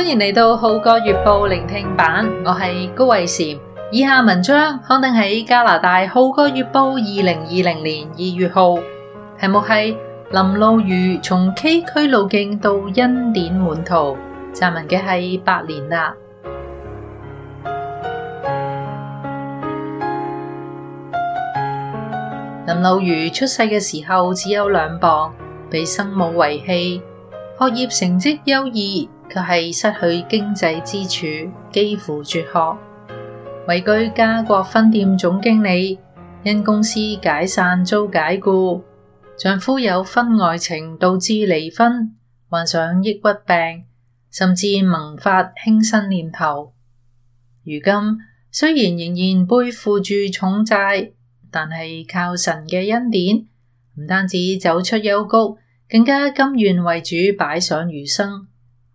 歡迎嚟到《浩哥月報》聆聽版，我係高慧嬋。以下文章刊登喺加拿大《浩哥月報》二零二零年二月號，題目係《林露如從崎嶇路徑到恩典滿途》。撰文嘅係白蓮娜。林露如出世嘅時候只有兩磅，被生母遺棄，學業成績優異。佢係失去經濟支柱，幾乎輟學；位居加國分站總經理，因公司解散遭解僱，丈夫有婚外情導致離婚，患上抑鬱病，甚至萌發輕生念頭。如今雖然仍然背負住重債，但係靠神嘅恩典，唔單止走出幽谷，更加甘願為主擺上餘生。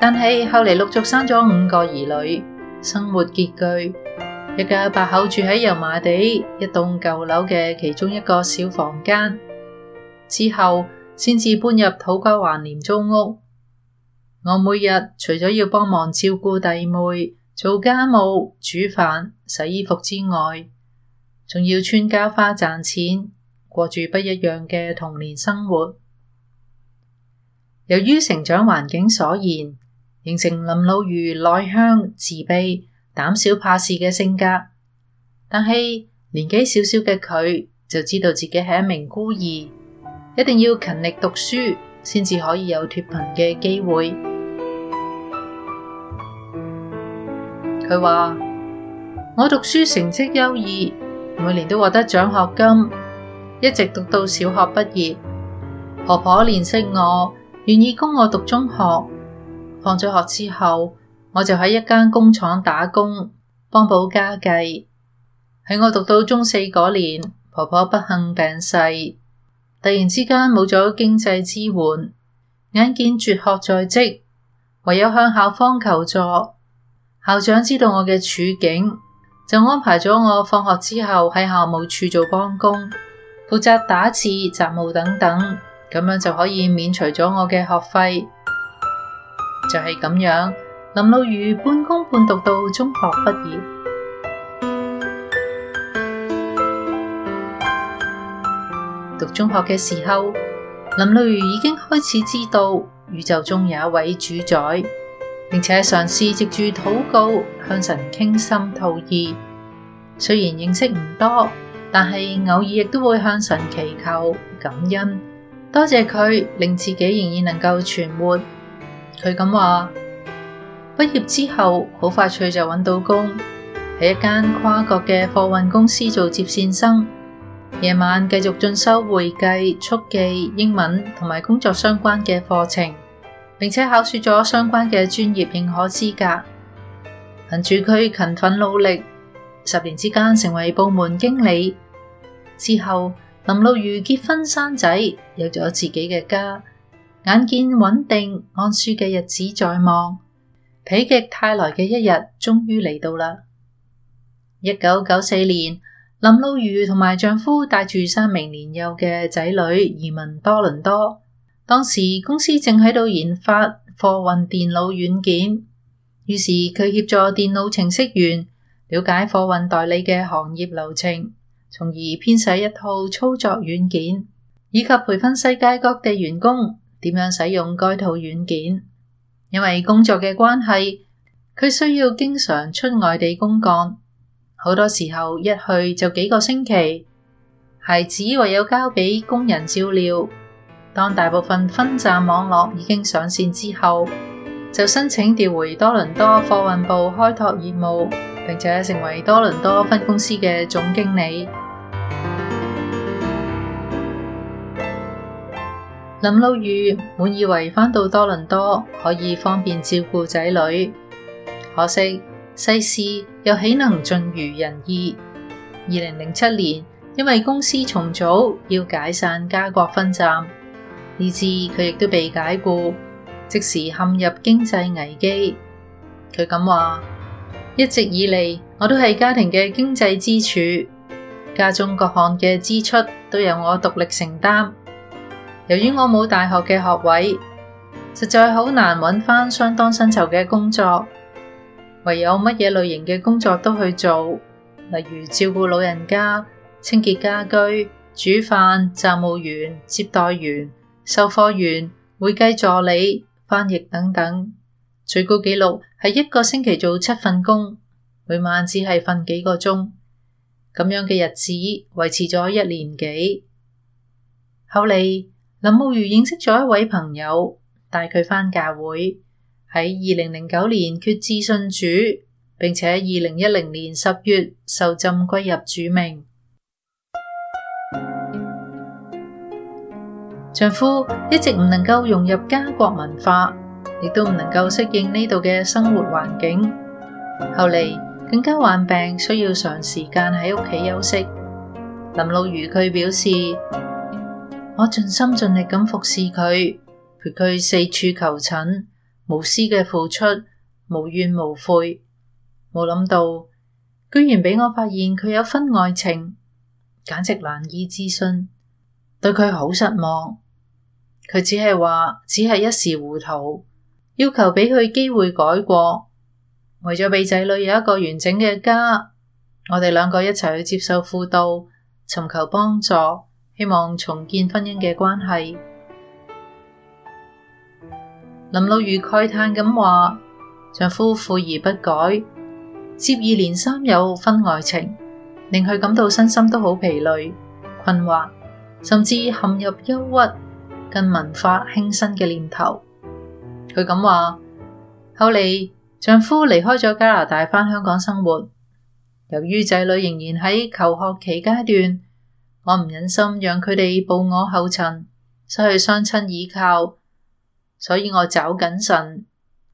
但係後嚟陸續生咗五個兒女，生活拮據，一家八口住喺油麻地一棟舊樓嘅其中一個小房間。之後先至搬入土瓜灣廉租屋。我每日除咗要幫忙照顧弟妹、做家務、煮飯、洗衣服之外，仲要穿膠花賺錢，過住不一樣嘅童年生活。由於成長環境所言。形成林露如內向、自卑、膽小怕事嘅性格，但係年紀小小嘅佢就知道自己係一名孤兒，一定要勤力讀書先至可以有脱貧嘅機會。佢話：我讀書成績優異，每年都獲得獎學金，一直讀到小學畢業。婆婆憐惜我，願意供我讀中學。放咗學之後，我就喺一間工廠打工，幫補家計。喺我讀到中四嗰年，婆婆不幸病逝，突然之間冇咗經濟支援，眼見輟學在即，唯有向校方求助。校長知道我嘅處境，就安排咗我放學之後喺校務處做幫工，負責打字、雜務等等，咁樣就可以免除咗我嘅學費。就係咁樣，林露如半工半讀到中學畢業。讀中學嘅時候，林露如已經開始知道宇宙中有一位主宰，並且嘗試藉住禱告向神傾心吐意。雖然認識唔多，但係偶爾亦都會向神祈求感恩，多謝佢令自己仍然能夠存活。佢咁話：畢業之後好快脆就揾到工，喺一間跨國嘅貨運公司做接線生，夜晚繼續進修會計、速記、英文同埋工作相關嘅課程，並且考取咗相關嘅專業認可資格。憑住佢勤奮努力，十年之間成為部門經理。之後林露如結婚生仔，有咗自己嘅家。眼見穩定安舒嘅日子在望，否極泰來嘅一日終於嚟到啦。一九九四年，林露如同埋丈夫帶住三名年幼嘅仔女移民多倫多。當時公司正喺度研發貨運電腦軟件，於是佢協助電腦程式員了解貨運代理嘅行業流程，從而編寫一套操作軟件，以及培訓世界各地員工。點樣使用該套軟件？因為工作嘅關係，佢需要經常出外地公幹，好多時候一去就幾個星期，孩子唯有交俾工人照料。當大部分分站網絡已經上線之後，就申請調回多倫多貨運部開拓業務，並且成為多倫多分公司嘅總經理。林露如滿以為返到多倫多可以方便照顧仔女，可惜世事又豈能盡如人意？二零零七年，因為公司重組要解散加國分站，以致佢亦都被解僱，即時陷入經濟危機。佢咁話：一直以嚟，我都係家庭嘅經濟支柱，家中各項嘅支出都由我獨立承擔。由於我冇大學嘅學位，實在好難揾翻相當薪酬嘅工作，唯有乜嘢類型嘅工作都去做，例如照顧老人家、清潔家居、煮飯、雜務員、接待員、售貨員、會計助理、翻譯等等。最高紀錄係一個星期做七份工，每晚只係瞓幾個鐘。咁樣嘅日子維持咗一年幾，後嚟。林露如認識咗一位朋友，帶佢返教會，喺二零零九年決志信主，並且二零一零年十月受浸歸入主名。丈夫一直唔能夠融入加國文化，亦都唔能夠適應呢度嘅生活環境。後嚟更加患病，需要長時間喺屋企休息。林露如佢表示。我盡心盡力咁服侍佢，陪佢四處求診，無私嘅付出，無怨無悔。冇諗到，居然俾我發現佢有婚外情，簡直難以置信。對佢好失望。佢只係話只係一時糊塗，要求俾佢機會改過。為咗俾仔女有一個完整嘅家，我哋兩個一齊去接受輔導，尋求幫助。希望重建婚姻嘅關係，林露如慨嘆咁話：丈夫負而不改，接二連三有婚外情，令佢感到身心都好疲累、困惑，甚至陷入憂鬱、更文化輕生嘅念頭。佢咁話：後嚟丈夫離開咗加拿大，返香港生活，由於仔女仍然喺求學期階段。我唔忍心讓佢哋步我後塵，失去雙親依靠，所以我找緊神，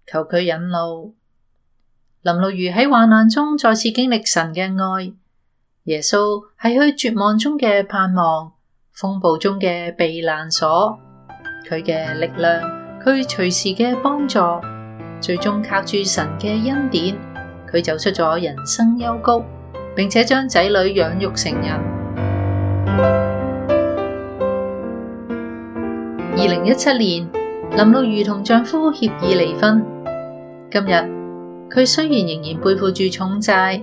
求佢引路。林露如喺患難中再次經歷神嘅愛，耶穌係佢絕望中嘅盼望，風暴中嘅避難所，佢嘅力量，佢隨時嘅幫助。最終靠住神嘅恩典，佢走出咗人生幽谷，並且將仔女養育成人。二零一七年，林露如同丈夫協議離婚。今日佢雖然仍然背負住重債，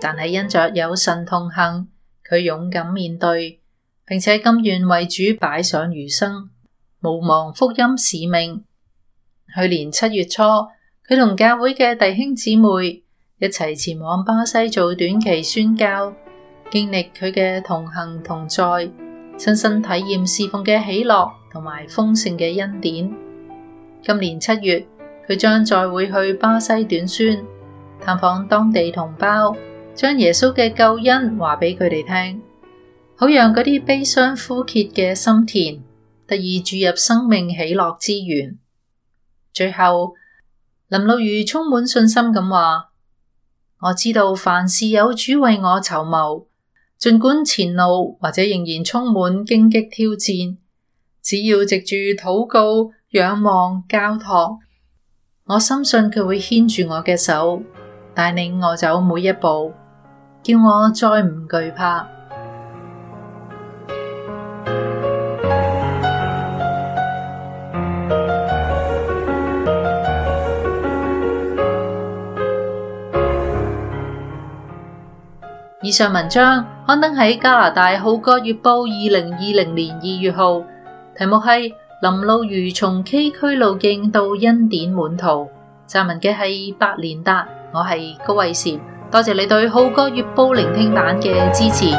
但係因着有神同行，佢勇敢面對，並且甘願為主擺上餘生，毋忘福音使命。去年七月初，佢同教會嘅弟兄姊妹一齊前往巴西做短期宣教，經歷佢嘅同行同在，親身體驗侍奉嘅喜樂，同埋豐盛嘅恩典。今年七月，佢將再會去巴西短宣探訪當地同胞，將耶穌嘅救恩話俾佢哋聽，好讓嗰啲悲傷枯竭嘅心田，得以注入生命喜樂之源。最後，林露如充滿信心咁話：我知道凡事有主為我籌謀，儘管前路或者仍然充滿荊棘挑戰。只要藉住禱告、仰望、交託，我深信佢會牽住我嘅手，帶領我走每一步，叫我再唔懼怕。以上文章刊登喺加拿大《號角月報》二零二零年二月號。題目係林露如從崎嶇路徑到恩典滿途。撰文嘅係百連達，我係高慧賢，多謝你對浩歌月報聆聽版嘅支持。